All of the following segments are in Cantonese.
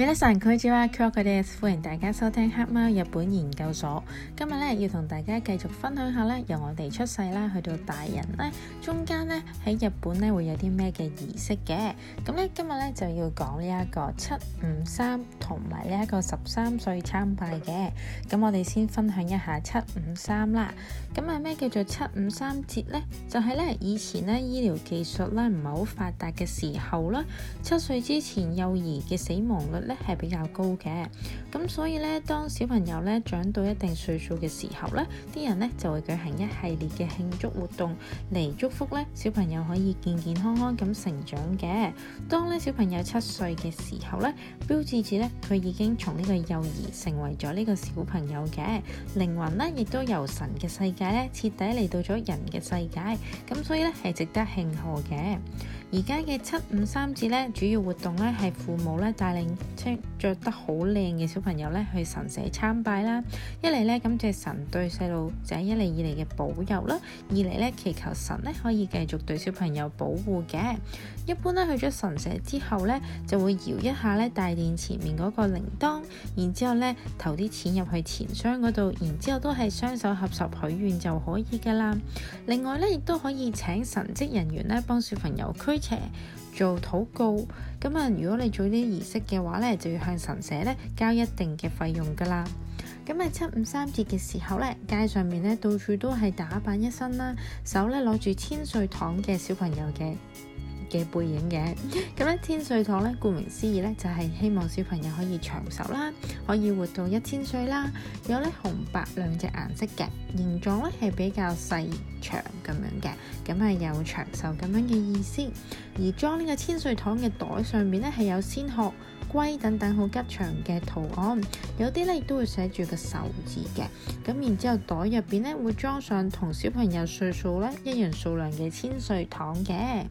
Melissa，佢叫 Crocodiles，歡迎大家收聽黑貓日本研究所。今日咧要同大家繼續分享下咧，由我哋出世啦，去到大人咧中間咧喺日本咧會有啲咩嘅儀式嘅。咁咧今日咧就要講呢、這、一個七五三同埋呢一個十三歲參拜嘅。咁我哋先分享一下七五三啦。咁啊咩叫做七五三節呢？就係、是、咧以前咧醫療技術咧唔係好發達嘅時候啦，七歲之前幼兒嘅死亡率咧係比較高嘅，咁所以咧，當小朋友咧長到一定歲數嘅時候咧，啲人咧就會舉行一系列嘅慶祝活動嚟祝福咧小朋友可以健健康康咁成長嘅。當咧小朋友七歲嘅時候咧，標誌住咧佢已經從呢個幼兒成為咗呢個小朋友嘅靈魂咧，亦都由神嘅世界咧徹底嚟到咗人嘅世界，咁所以咧係值得慶賀嘅。而家嘅七五三節呢，主要活動呢係父母呢帶領穿著得好靚嘅小朋友呢去神社參拜啦。一嚟呢，感謝神對細路仔一嚟以嚟嘅保佑啦；二嚟呢，祈求神呢可以繼續對小朋友保護嘅。一般呢去咗神社之後呢，就會搖一下呢大殿前面嗰個鈴鐺，然之後呢，投啲錢入去錢箱嗰度，然之後都係雙手合十許願就可以噶啦。另外呢，亦都可以請神職人員呢幫小朋友驅。做禱告咁啊。如果你做呢啲儀式嘅話咧，就要向神社咧交一定嘅費用噶啦。咁喺七五三節嘅時候咧，街上面咧到處都係打扮一身啦，手咧攞住千歲糖嘅小朋友嘅。嘅背影嘅，咁 咧，千歲糖咧，顧名思義咧，就係希望小朋友可以長壽啦，可以活到一千歲啦。有咧紅白兩隻顏色嘅，形狀咧係比較細長咁樣嘅，咁係有長壽咁樣嘅意思。而裝呢個千歲糖嘅袋上面咧，係有仙鶴、龜等等好吉祥嘅圖案，有啲咧都會寫住個壽字嘅。咁然之後袋入邊咧會裝上同小朋友歲數咧一樣數量嘅千歲糖嘅。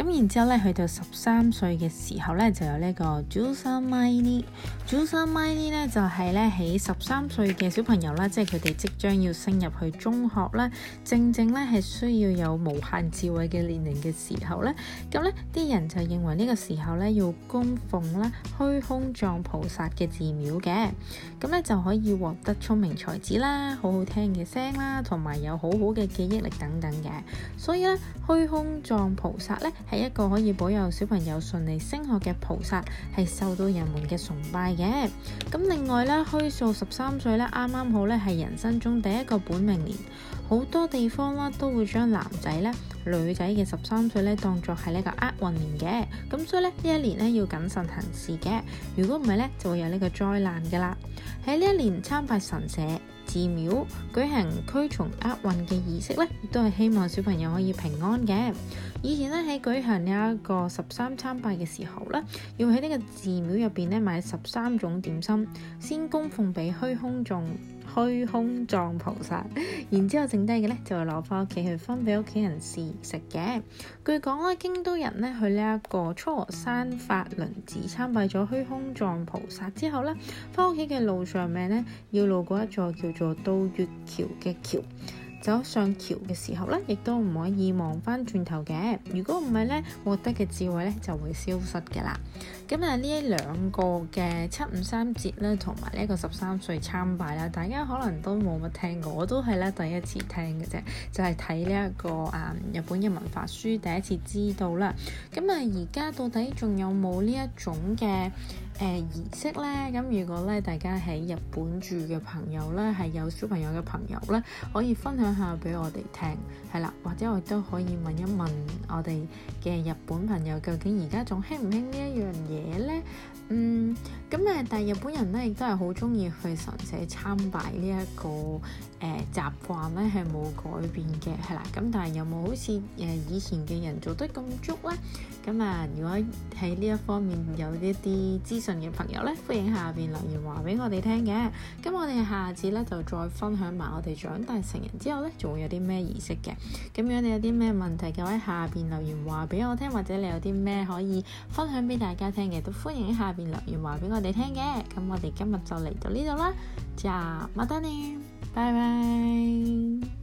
咁然之後咧，去到十三歲嘅時候咧，就有呢個十三參り。十三參り咧就係咧喺十三歲嘅小朋友啦，即係佢哋即將要升入去中學啦，正正咧係需要有無限智慧嘅年齡嘅時候咧，咁咧啲人就認為呢個時候咧要供奉啦虛空藏菩薩嘅寺廟嘅，咁咧就可以獲得聰明才智啦、好好聽嘅聲啦，同埋有好好嘅記憶力等等嘅，所以咧虛空藏菩薩咧，係一個可以保佑小朋友順利升學嘅菩薩，係受到人們嘅崇拜嘅。咁另外咧，虛數十三歲咧，啱啱好咧係人生中第一個本命年，好多地方啦都會將男仔咧、女仔嘅十三歲咧當作係呢個厄運年嘅。咁所以咧呢一年咧要謹慎行事嘅。如果唔係咧，就會有呢個災難噶啦。喺呢一年參拜神社。寺廟舉行驅蟲厄運嘅儀式咧，亦都係希望小朋友可以平安嘅。以前咧喺舉行有一個十三參拜嘅時候咧，要喺呢個寺廟入邊咧買十三種點心，先供奉俾虛空眾虛空藏菩薩，然之後剩低嘅呢，就攞翻屋企去分俾屋企人試食嘅。據講咧，京都人呢，去呢一個嵯峨山法輪寺參拜咗虛空藏菩薩之後呢，翻屋企嘅路上面呢，要路過一座叫做渡月橋嘅橋。走上橋嘅時候咧，亦都唔可以望翻轉頭嘅。如果唔係咧，獲得嘅智慧咧就會消失嘅啦。咁啊，呢一兩個嘅七五三節咧，同埋呢一個十三歲參拜啦，大家可能都冇乜聽過，我都係咧第一次聽嘅啫，就係睇呢一個啊、呃、日本嘅文化書第一次知道啦。咁啊，而家到底仲有冇呢一種嘅誒、呃、儀式咧？咁如果咧大家喺日本住嘅朋友咧，係有小朋友嘅朋友咧，可以分享下俾我哋聽，係啦，或者我都可以問一問我哋嘅日本朋友，究竟而家仲興唔興呢一樣嘢呢？嗯，咁誒，但係日本人咧亦都係好中意去神社參拜呢一個誒習慣咧，係冇改變嘅，係啦。咁但係有冇好似誒以前嘅人做得咁足呢？咁啊，如果喺呢一方面有一啲資訊嘅朋友咧，歡迎下邊留言話俾我哋聽嘅。咁我哋下次咧就再分享埋我哋長大成人之後。仲會有啲咩儀式嘅？咁如果你有啲咩問題嘅話，喺下邊留言話俾我聽，或者你有啲咩可以分享俾大家聽嘅，都歡迎喺下邊留言話俾我哋聽嘅。咁我哋今日就嚟到呢度啦，咋，冇得你，拜拜。